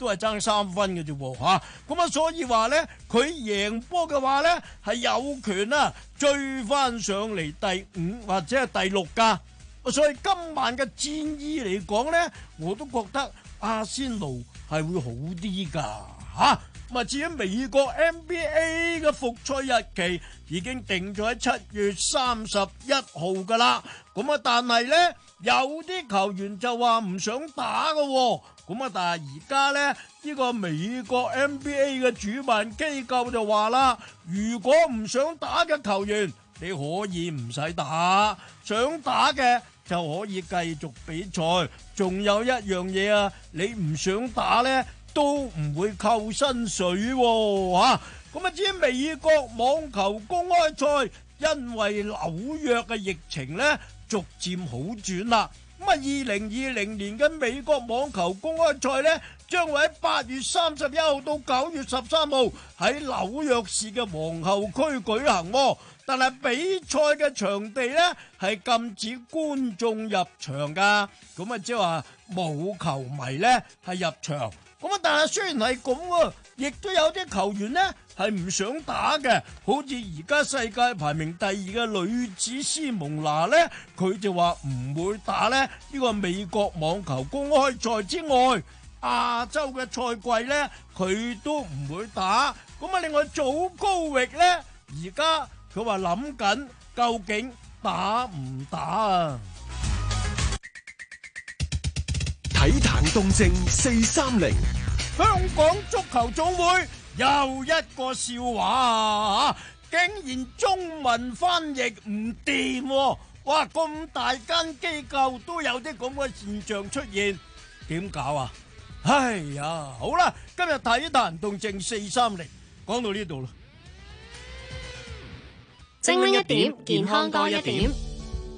都係爭三分嘅啫噃嚇，咁啊所以話咧，佢贏波嘅話咧，係有權啊追翻上嚟第五或者係第六噶。所以今晚嘅戰意嚟講咧，我都覺得阿仙奴係會好啲噶嚇。咁啊，至於美國 NBA 嘅復賽日期已經定咗喺七月三十一號噶啦，咁啊但係咧有啲球員就話唔想打嘅喎。咁啊！但係而家呢，呢個美國 NBA 嘅主辦機構就話啦：如果唔想打嘅球員，你可以唔使打；想打嘅就可以繼續比賽。仲有一樣嘢啊，你唔想打呢，都唔會扣薪水喎吓。咁啊，至於美國網球公開賽，因為紐約嘅疫情呢，逐漸好轉啦。咁啊，二零二零年嘅美國網球公開賽呢，將會喺八月三十一號到九月十三號喺紐約市嘅皇后區舉行。但係比賽嘅場地呢，係禁止觀眾入場㗎。咁啊，即係話冇球迷呢係入場。咁啊，但係雖然係咁喎，亦都有啲球員呢。係唔想打嘅。好似而家世界排名第二嘅女子斯蒙娜咧，佢就話唔會打咧。呢個美國網球公開賽之外，亞洲嘅賽季咧，佢都唔會打。咁啊，另外祖高域咧，而家佢話諗緊究竟打唔打啊？體壇動靜四三零，香港足球總會。又一個笑話啊！竟然中文翻譯唔掂，哇！咁大間機構都有啲咁嘅現象出現，點搞啊？哎呀，好啦，今日睇彈動靜四三零，講到呢度啦，精一點，健康多一點。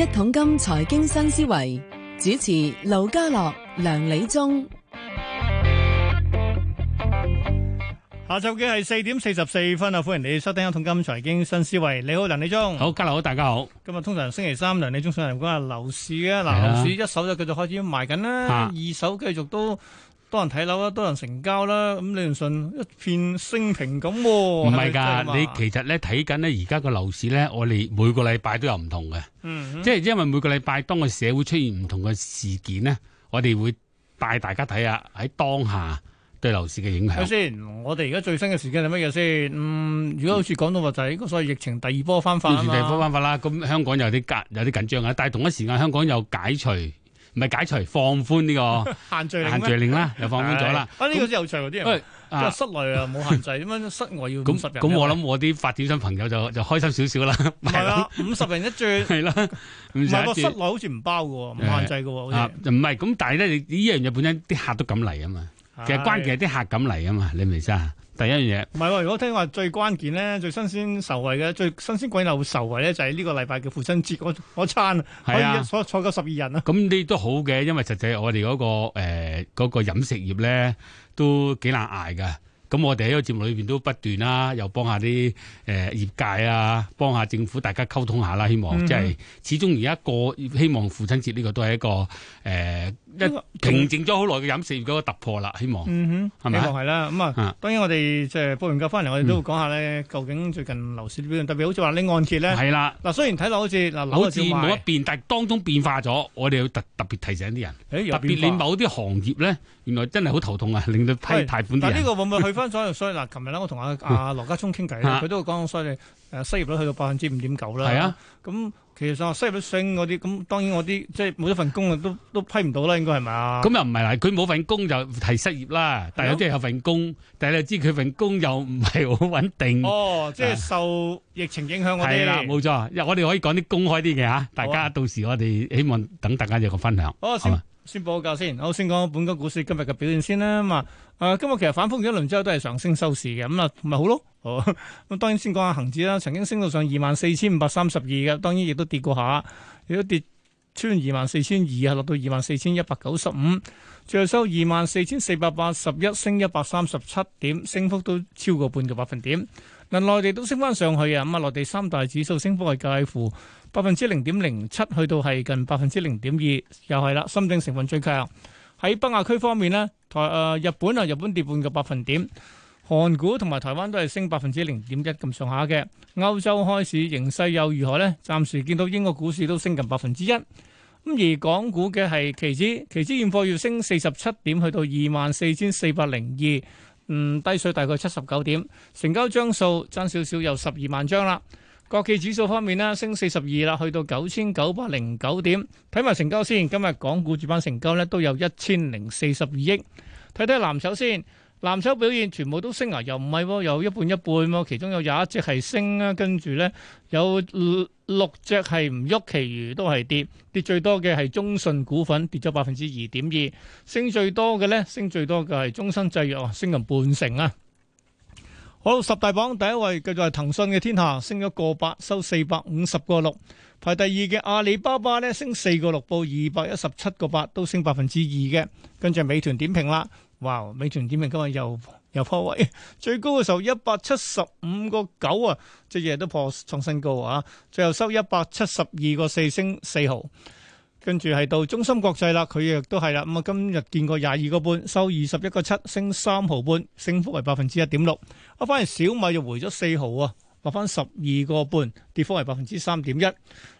一桶金財經新思維，主持盧家樂、梁理忠，下晝嘅係四點四十四分啊！歡迎你收聽一桶金財經新思維。你好，梁理忠，好，家樂好，大家好。今日通常星期三，梁理忠上嚟，講下樓市嘅，嗱，樓市一手就繼續開始賣緊啦，啊、二手繼續都。多人睇樓啦，多人成交啦，咁你唔信？一片升平咁，唔係噶。你其實咧睇緊呢而家個樓市咧，我哋每個禮拜都有唔同嘅，嗯嗯即係因為每個禮拜當個社會出現唔同嘅事件咧，我哋會帶大家睇下喺當下對樓市嘅影響。首先，我哋而家最新嘅事件係乜嘢先？嗯，如果好似講到話就係個所謂疫情第二波翻法，疫情第二波翻法啦，咁香港有啲緊，有啲緊張啊，但係同一時間香港又解除。唔係解除、放寬呢個限聚令，限聚令啦，又放寬咗啦。呢個有趣啲人，室內那啊冇限制，點解室外要咁咁，啊、我諗我啲發展商朋友就就開心少少 啦。係啊，五十人一轉，係啦，唔係個室內好似唔包嘅，唔限制嘅。啊，唔係咁，但係咧，你呢樣嘢本身啲客都敢嚟啊嘛。是的其實關鍵係啲客敢嚟啊嘛，你明唔明先？第一樣嘢，唔係喎！如果聽話，最關鍵咧，最新鮮受惠嘅最新鮮鬼佬受惠咧，就係呢個禮拜嘅父親節嗰餐，可以是、啊、坐坐夠十二人啊！咁呢都好嘅，因為實際我哋嗰、那個嗰、呃那個、飲食業咧都幾難捱嘅。咁我哋喺呢個節目裏邊都不斷啦，又幫下啲誒業界啊，幫下政府，大家溝通下啦。希望即係始終而家過，希望父親節呢個都係一個誒，一平靜咗好耐嘅飲食業嗰個突破啦。希望，嗯哼，係咪啊？希望係啦。咁啊，當然我哋即係播完劇翻嚟，我哋都會講下咧，究竟最近樓市表現，特別好似話拎按揭咧，係啦。嗱，雖然睇落好似嗱，樓市冇一變，但係當中變化咗，我哋要特特別提醒啲人，特別你某啲行業咧，原來真係好頭痛啊，令到批貸款啲人，但呢個會唔會去？所以所以嗱，琴日啦，我同阿阿羅家聰傾偈，佢都講所以，你誒、嗯、失業率去到百分之五點九啦。係啊，咁其實話失業率升嗰啲，咁當然我啲即係每一份工啊，都都批唔到啦，應該係咪啊？咁又唔係啦，佢冇份工就提失業啦，啊、但係有啲有份工，但係你知佢份工又唔係好穩定。哦，即、就、係、是、受疫情影響我哋，係啦、啊，冇錯，我哋可以講啲公開啲嘅嚇，大家到時我哋希望等大家有個分享。好。先報個價先。我先講本港股市今日嘅表現先啦。咁、嗯、啊，誒，今日其實反覆一輪之後都係上升收市嘅。咁啊，咪好咯。咁、嗯、當然先講下恒指啦。曾經升到上二萬四千五百三十二嘅，當然亦都跌過一下，亦都跌穿二萬四千二啊，24, 2，落到二萬四千一百九十五，最後收二萬四千四百八十一，升一百三十七點，升幅都超過半個百分點。嗱，內地都升翻上去啊！咁啊，內地三大指數升幅係介乎百分之零點零七，去到係近百分之零點二，又係啦。深圳成分最強。喺北亞區方面呢，台、呃、日本啊，日本跌半個百分點，韓股同埋台灣都係升百分之零點一咁上下嘅。歐洲開市形勢又如何呢？暫時見到英國股市都升近百分之一。咁而港股嘅係期指，期指現貨要升四十七點，去到二萬四千四百零二。嗯，低水大概七十九點，成交張數爭少少，有十二萬張啦。國企指數方面咧，升四十二啦，去到九千九百零九點。睇埋成交先，今日港股主板成交咧都有一千零四十二億。睇睇藍籌先。藍籌表現全部都升啊，又唔係、啊，有一半一半、啊、其中有廿一隻係升啊，跟住呢有六隻係唔喐，其餘都係跌，跌最多嘅係中信股份跌咗百分之二點二，升最多嘅呢，升最多嘅係中生製藥，升咗半成啊。好，十大榜第一位繼續係騰訊嘅天下，升咗個八，收四百五十個六。排第二嘅阿里巴巴呢，升四個六報二百一十七個八，8，都升百分之二嘅。跟住美團點評啦。哇！美團點啊？今日又又破位，哎，最高嘅時候一百七十五個九啊，即日都破創新高啊！最後收一百七十二個四升四毫，跟住係到中心國際啦，佢亦都係啦。咁啊今日見過廿二個半，收二十一個七升三毫半，升幅係百分之一點六。啊，反而小米又回咗四毫啊，落翻十二個半，跌幅係百分之三點一。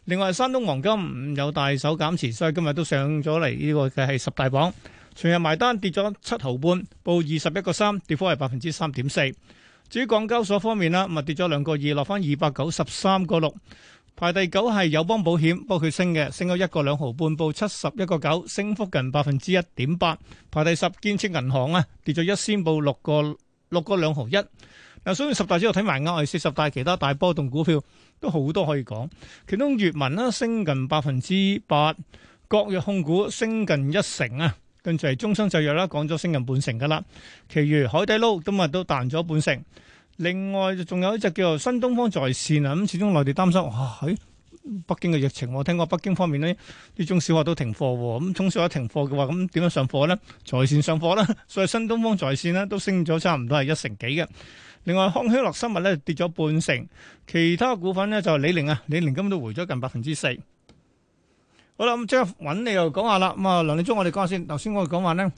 另外，山東黃金有大手減持，所以今日都上咗嚟呢個嘅係十大榜。全日埋單跌咗七毫半，報二十一個三，跌幅係百分之三點四。至於港交所方面啦，跌咗兩個二，落翻二百九十三個六，排第九係友邦保險，不過佢升嘅，升咗一個兩毫半，報七十一個九，升幅近百分之一點八。排第十建設銀行啊，跌咗一仙，報六個六兩毫一。嗱，所以十大之後睇埋額外四十大其他大波動股票都好多可以講。其中粵文啦升近百分之八，國藥控股升近一成啊。就係中生製藥啦，講咗升近半成噶啦。其餘海底撈今日都彈咗半成，另外仲有一隻叫做新東方在線啊。咁始終內地擔心，哇喺北京嘅疫情，我聽過北京方面咧啲中小學都停課喎。咁中小學停課嘅話，咁點樣上課咧？在線上課啦，所以新東方在線咧都升咗差唔多係一成幾嘅。另外康希諾生物咧跌咗半成，其他股份咧就李寧啊，李寧今都回咗近百分之四。好啦，咁即刻揾你又講下啦。咁啊，梁利忠，我哋講下先。頭先我哋講話咧，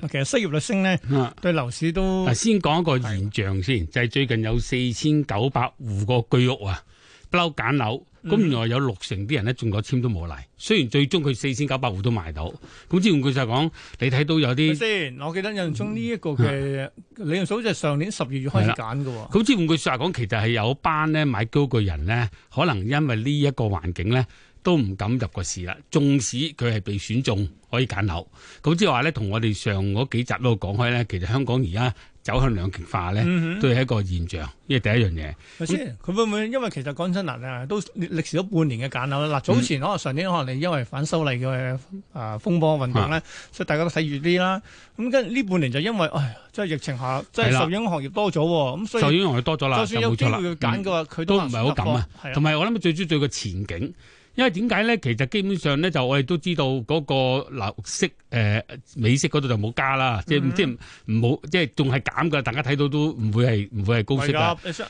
其實失業率升咧，啊、對樓市都。先講一個現象先，就係最近有四千九百戶個居屋啊，不嬲揀樓，咁、嗯、原來有六成啲人咧中咗簽都冇嚟。雖然最終佢四千九百戶都賣到，咁之換句說話講，你睇到有啲。先，我記得梁利忠呢一個嘅，梁用忠就係上年十二月開始揀噶。咁之換句說話講，啊嗯嗯嗯、其實係有班咧買居屋嘅人咧，可能因為環呢一個環境咧。都唔敢入個市啦。縱使佢係被選中，可以揀樓，咁即係話咧，同我哋上嗰幾集都講開咧，其實香港而家走向兩極化咧，嗯、哼都係一個現象。呢係第一樣嘢，頭、嗯、先佢會唔會因為其實講真嗱啊，都歷時咗半年嘅揀樓啦。嗱早前、嗯、可能上年可能你因為反修例嘅啊風波運動咧，啊、所以大家都睇住啲啦。咁跟住呢半年就因為，即係疫情下，即係受影響行業多咗，咁的所以受影響行業多咗啦，就算有機會揀嘅話，佢但都唔係好敢啊。同埋的我諗最主要嘅前景。因為點解咧？其實基本上咧，就我哋都知道嗰個樓息誒、呃、美息嗰度就冇加啦、嗯，即係唔好，即係仲係減噶。大家睇到都唔會係唔會係高息噶。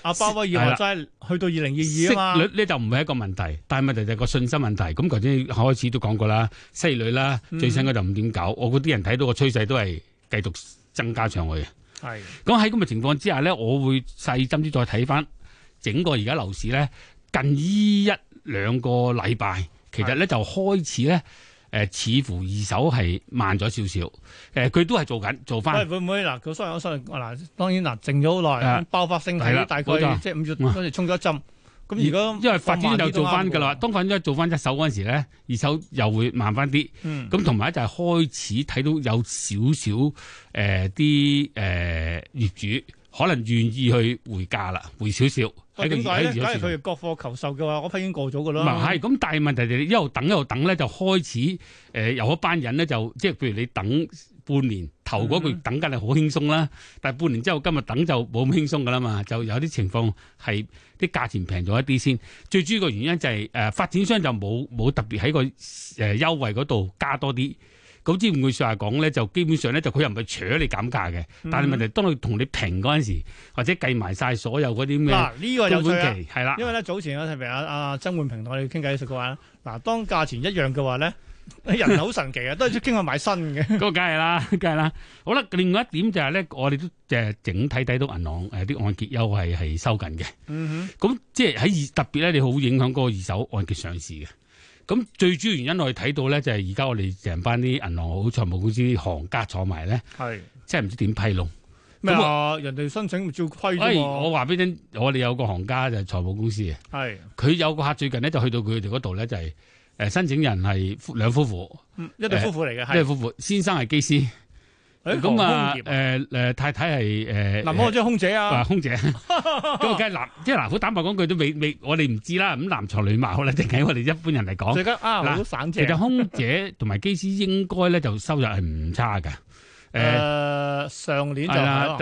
阿阿包威要話齋，去到二零二二啊嘛。息率呢就唔係一個問題，但係問題就係個信心問題。咁頭先開始都講過啦，息率啦，嗯、最新嗰就五點九。我嗰啲人睇到個趨勢都係繼續增加上去。係的。咁喺咁嘅情況之下咧，我會細心啲再睇翻整個而家樓市咧。近依一兩個禮拜，其實咧就開始咧，誒、呃、似乎二手係慢咗少少。誒、呃、佢都係做緊做翻。喂，會唔會嗱？佢雖然我雖然嗱，當然嗱靜咗好耐，久呃、爆發性係大概錯即係五月嗰陣衝咗一針。咁如果因為發展又做翻㗎啦，當發展做翻一手嗰陣時咧，二手又會慢翻啲。咁同埋咧就係開始睇到有少少誒啲誒業主可能願意去回價啦，回少少。但係咧，因為佢國貨求售嘅話，我批已經過咗嘅啦。唔係，咁但係問題就係一路等一路等咧，就開始誒、呃，有一班人咧就即係譬如你等半年，頭嗰個月等緊係好輕鬆啦。嗯嗯，但係半年之後今日等就冇咁輕鬆嘅啦嘛，就有啲情況係啲價錢平咗一啲先。最主要嘅原因就係、是、誒、呃、發展商就冇冇特別喺個誒優惠嗰度加多啲。總之唔會成日講咧，就基本上咧，就佢又唔係扯你減價嘅。嗯、哼但係問題當佢同你平嗰陣時，或者計埋晒所有嗰啲咩根本奇係啦。啊啊、了因為咧早前我睇明阿阿曾煥平同我哋傾偈時嘅話，嗱當價錢一樣嘅話咧，人好神奇嘅， 都係傾緊買新嘅。咁梗係啦，梗係啦。好啦，另外一點就係、是、咧，我哋都誒整體睇到銀行誒啲按揭優惠係收緊嘅。嗯咁哼即係喺特別咧，你好影響嗰個二手按揭上市嘅。咁最主要原因我哋睇到咧，就係而家我哋成班啲銀行好財務公司行家坐埋咧，係即係唔知點批弄。咩話麼我人哋申請咪照規啫？我話俾你聽，我哋有個行家就係財務公司嘅，係佢是有個客最近咧就去到佢哋嗰度咧就係、是、誒申請人係兩夫婦、嗯，一對夫婦嚟嘅，呃、一對夫婦，是先生係機師。咁啊，誒誒、呃、太太係嗱，男我做空姐啊，呃、空姐咁梗係男，即係嗱，好坦白講句，都未未，我哋唔知啦。咁男才女貌可能淨係我哋一般人嚟講，啊好省錢。其實空姐同埋機師應該咧就收入係唔差嘅。誒上年就唔係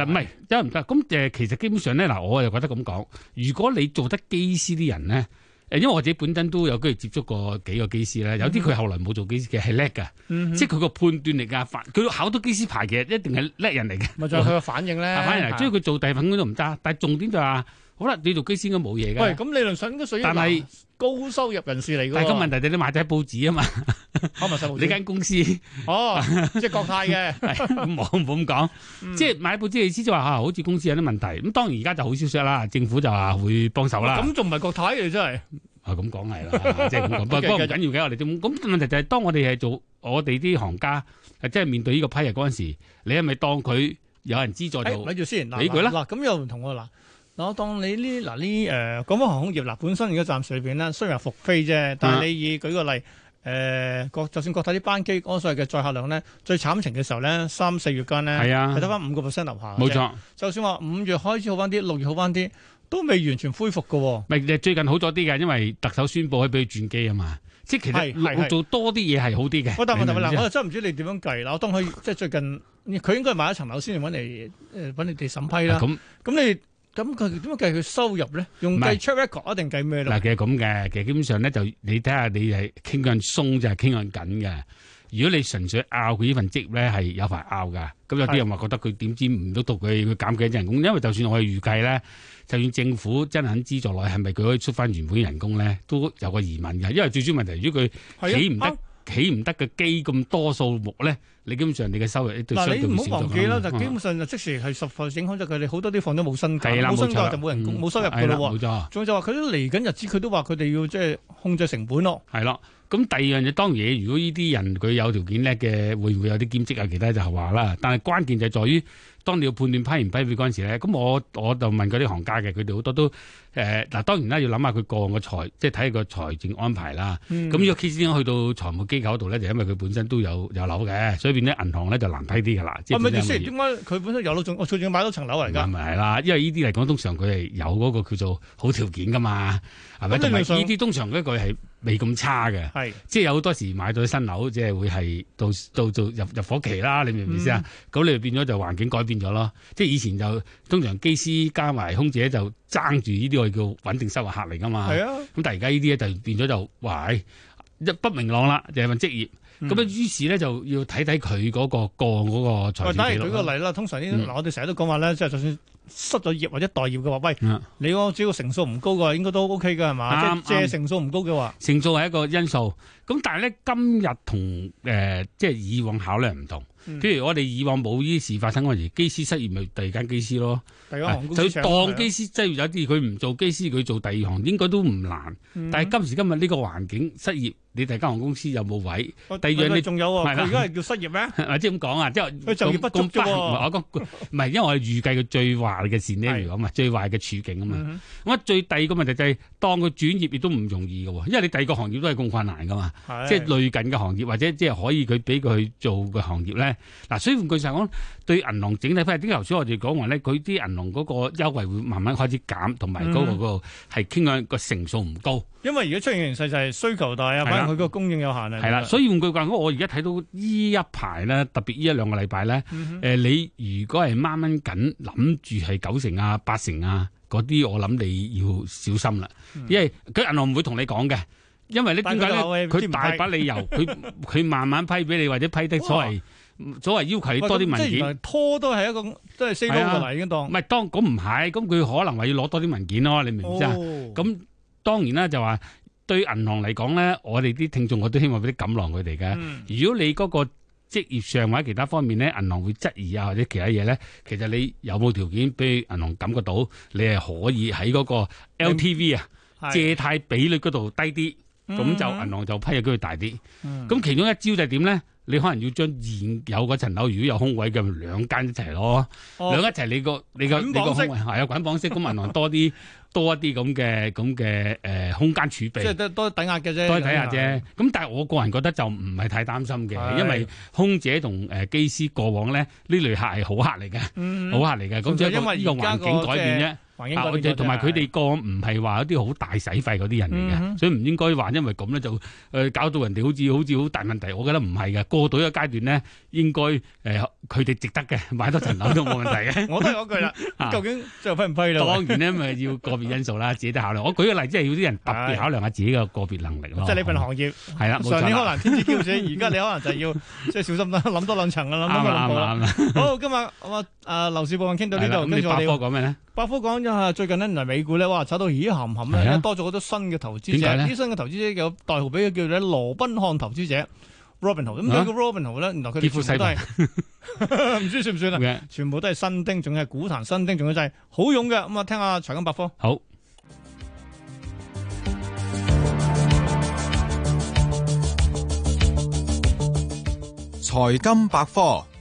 真係唔得。咁誒、啊、其實基本上咧嗱，我又覺得咁講，如果你做得機師啲人咧。誒，因為我自己本身都有機會接觸過幾個機師啦。有啲佢後來冇做機師嘅，其實係叻嘅，嗯、哼即係佢個判斷力啊，佢考到機師牌嘅一定係叻人嚟嘅。咪就佢個反應咧、嗯，反應嚟，所以佢做地勤工都唔得。但係重點就係、是。好啦，你做機師應該冇嘢嘅。喂，咁理論上都屬於但係高收入人士嚟嘅。但係個問題就你買咗報紙啊嘛，可賣晒報紙。你間公司，哦，即係國泰嘅，唔好唔好咁講。即係買報紙意思就話吓，好似公司有啲問題。咁當然而家就好少少啦，政府就話會幫手啦。咁仲唔係國泰嘅，真係咁講係啦，即係咁講。不過唔緊要嘅，我哋咁咁問題就係當我哋係做我哋啲行家，即係面對呢個批評嗰陣時，你係咪當佢有人資助做？睇住先，嗱，呢啦，嗱，咁又唔同嗱，我當你呢嗱呢誒講翻航空業，嗱，本身而家暫時裏邊咧，雖然係復飛啫，但係你以舉個例誒，國的、呃、就算國泰啲班機嗰所謂嘅載客量咧，最慘情嘅時候咧，三四月間咧係得翻五個 percent 樓下。冇錯，就算話五月開始好翻啲，六月好翻啲，都未完全恢復嘅喎、哦。唔係最近好咗啲嘅，因為特首宣布可以俾佢轉機啊嘛。即係其實做多啲嘢係好啲嘅。我，但係我真係唔知你點樣計。嗱， 我當佢即係最近佢應該係買一層樓先嚟揾你哋審批啦。咁咁、啊、你？咁佢點解計佢收入咧？用計 check record 定計咩咧？嗱，其實咁嘅，其實基本上咧，就你睇下你係傾向鬆就係傾向緊嘅。如果你純粹拗佢呢份職業咧，係有排拗㗎。咁有啲人話覺得佢點的知唔都讀佢，佢減幾人工？因為就算我哋預計咧，就算政府真係肯資助落去，係咪佢可以出翻原本嘅人工咧？都有個疑問嘅。因為最主要問題，如果佢起唔得。起唔得嘅機咁多數目咧，你基本上人哋嘅收入對相對少嗱，你唔好忘記啦，嗯、就基本上就即時係十分影響咗佢哋，好多啲放都冇薪假，冇薪的假就冇人工，冇、嗯、收入噶咯喎。仲就話佢都嚟緊日子，佢都話佢哋要即係控制成本咯。係啦。咁第二樣嘢，當然如果呢啲人佢有條件叻嘅，會唔會有啲兼職啊？其他就話啦。但係關鍵就係在於，當你要判斷批唔批俾嗰陣時咧，咁我我就問嗰啲行家嘅，佢哋好多都誒，嗱、呃、當然啦，要諗下佢個案嘅財，即係睇下個財政安排啦。咁呢個 case 先去到財務機構度咧，就因為佢本身都有有樓嘅，所以變咗銀行咧就難批啲嘅啦。啊，唔係你先點解佢本身有樓仲，我仲要買多層樓嚟噶？咁咪係啦，因為呢啲嚟講通常佢係有嗰個叫做好條件噶嘛，係咪、嗯？因為呢啲通常一句係。未咁差嘅，係是即係有好多時買到新樓，即係會係到到，到入入伙期啦，你明唔明意思？啊、嗯？咁你就變咗就環境改變咗咯，即係以前就通常機師加埋空姐就爭住呢啲我叫穩定收入客嚟噶嘛，係啊。咁但係而家呢啲咧就變咗就壞，一不明朗啦，嗯、就係份職業。咁啊、嗯，於是咧就要睇睇佢嗰個、那個嗰、那個財務表。舉個例啦，通常呢我哋成日都講話咧，嗯、即係就算。失咗業或者待業嘅話，喂，嗯、你個主要成數唔高嘅話，應該都 O K 嘅係嘛？即係成數唔高嘅話，成數係一個因素。咁但係咧，今日同誒、呃、即係以往考慮唔同。譬如我哋以往冇呢啲事發生嗰陣時，機師失業咪第二間機師咯，第行啊、就當機師了即係有啲佢唔做機師，佢做第二行應該都唔難。嗯、哼但係今時今日呢個環境失業，你第二間行公司有冇位？第二樣你仲，啊、有喎，而家係叫失業咩？即係咁講啊，即係佢就業不夠。我講唔係因為我係預計佢最壞嘅事呢，如果啊最壞嘅處境，嗯、哼啊嘛。咁最第二個問題就係、是，當佢轉業亦都唔容易㗎喎，因為你第二個行業都係咁困難㗎嘛，的即係類近嘅行業或者即係可以佢俾佢去做嘅行業咧。嗱、啊，所以換句就係講，對銀行整體批，啲頭先我哋講話咧，佢啲銀行嗰個優惠會慢慢開始減，同埋嗰個嗰個係傾向個成數唔高、嗯。因為而家出現的形勢就係需求大啊，反而佢個供應有限啊。係啦，所以換句講，我而家睇到呢一排咧，特別呢一兩個禮拜咧，誒、嗯哼呃，你如果係掹掹緊諗住係九成啊、八成啊嗰啲，我諗你要小心啦、嗯，因為佢銀行唔會同你講嘅，為呢因為咧點解咧？佢大把理由，佢佢 慢慢批俾你，或者批得所謂。哦所謂要求要多啲文件，拖都係一個，都係 signal、啊、已經當。唔係當咁唔係，咁佢可能話要攞多啲文件咯，你明唔知？啫？咁當然啦，就話對銀行嚟講咧，我哋啲聽眾我都希望俾啲錦囊佢哋嘅。嗯、如果你嗰個職業上或者其他方面咧，銀行會質疑啊或者其他嘢咧，其實你有冇條件俾銀行感覺到你係可以喺嗰個 LTV 啊、嗯，借貸比率嗰度低啲，咁、嗯嗯、就銀行就批嘅機會大啲。咁、嗯、其中一招就係點咧？你可能要將現有嗰層樓，如果有空位嘅，兩間一齊囉，啊、兩間一齊你個你個你個空位係啊，捆綁式咁銀行多啲。 多一啲咁嘅咁嘅誒空間儲備，即係多多抵押嘅啫，多抵押啫。咁但係我個人覺得就唔係太擔心嘅，因為空姐同誒機師過往咧呢類客係好客嚟嘅，好客嚟嘅。咁只係因為呢個環境改變啫，環境改變。同埋佢哋個唔係話一啲好大使費嗰啲人嚟嘅，所以唔應該話因為咁咧就誒搞到人哋好似好似好大問題。我覺得唔係嘅，過到一階段咧應該誒佢哋值得嘅，買多層樓都冇問題嘅。我都係嗰句啦，究竟最後批唔批咯？當然咧，咪要講。因素啦，自己都考慮。我舉個例即係要啲人特別考量下自己嘅個別能力咯。即係你份行業係啦，上年可能天之驕子，而家你可能就係要即係小心啲，諗多兩層啊，諗多兩步啦。好，今日我啊樓市部分傾到呢度，跟住我講咩呢？百夫講咗下。最近呢，原嚟美股咧，哇，炒到咦含含咧，多咗好多新嘅投資者。點解咧？新嘅投資者有代號，俾佢叫做羅賓漢投資者。Robin 羅賓豪咁，佢個羅賓豪咧，原來佢哋全部都係唔知算唔算啦，全部都係新丁，仲係古壇新丁，仲有就係好勇嘅。咁啊，聽下財金百科。好，財金百科。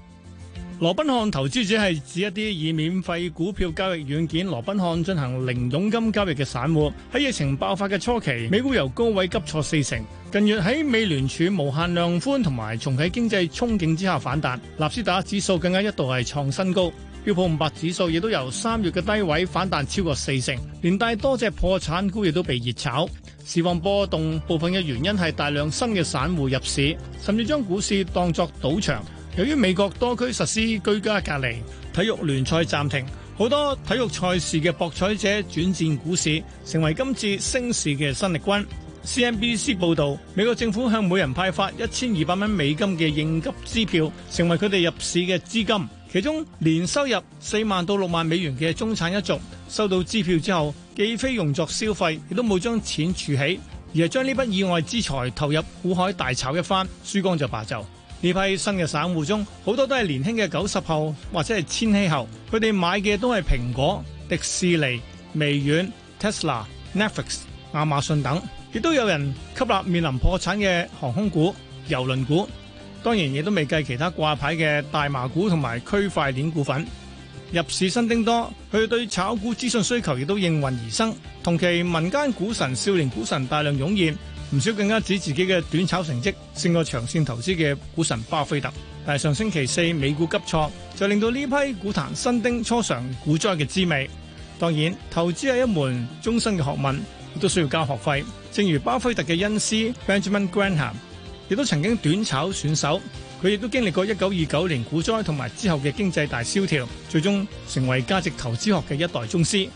羅賓漢投資者係指一啲以免費股票交易軟件羅賓漢進行零佣金交易嘅散戶。喺疫情爆發嘅初期，美股由高位急挫四成，近月喺美聯儲無限量寬同埋重啟經濟憧憬之下反彈，納斯達指數更加一度係創新高，標普五百指數亦都由三月嘅低位反彈超過四成，連帶多隻破產股亦都被熱炒。市況波動部分嘅原因係大量新嘅散戶入市，甚至將股市當作賭場。由於美國多區實施居家隔離，體育聯賽暫停，好多體育賽事嘅博彩者轉戰股市，成為今次升市嘅新力軍。CNBC 報導，美國政府向每人派發一千二百蚊美金嘅應急支票，成為佢哋入市嘅資金。其中年收入四萬到六萬美元嘅中產一族收到支票之後，既非用作消費，亦都冇將錢儲起，而係將呢筆意外之財投入股海大炒一番，輸光就罷就。呢批新嘅散戶中，好多都係年輕嘅九十後或者係千禧後，佢哋買嘅都係蘋果、迪士尼、微軟、Tesla、Netflix、亞馬遜等，亦都有人吸納面臨破產嘅航空股、郵輪股，當然亦都未計其他掛牌嘅大麻股同埋區塊鏈股份。入市新丁多，佢哋對炒股資訊需求亦都應運而生，同期民間股神、少年股神大量湧現。唔少更加指自己嘅短炒成績勝過長線投資嘅股神巴菲特，但係上星期四美股急挫，就令到呢批股壇新丁初嘗股災嘅滋味。當然，投資係一門終身嘅學問，亦都需要交學費。正如巴菲特嘅恩師 Benjamin Graham，亦都曾經短炒選手，佢亦都經歷過一九二九年股災同埋之後嘅經濟大蕭條，最終成為價值投資學嘅一代宗師。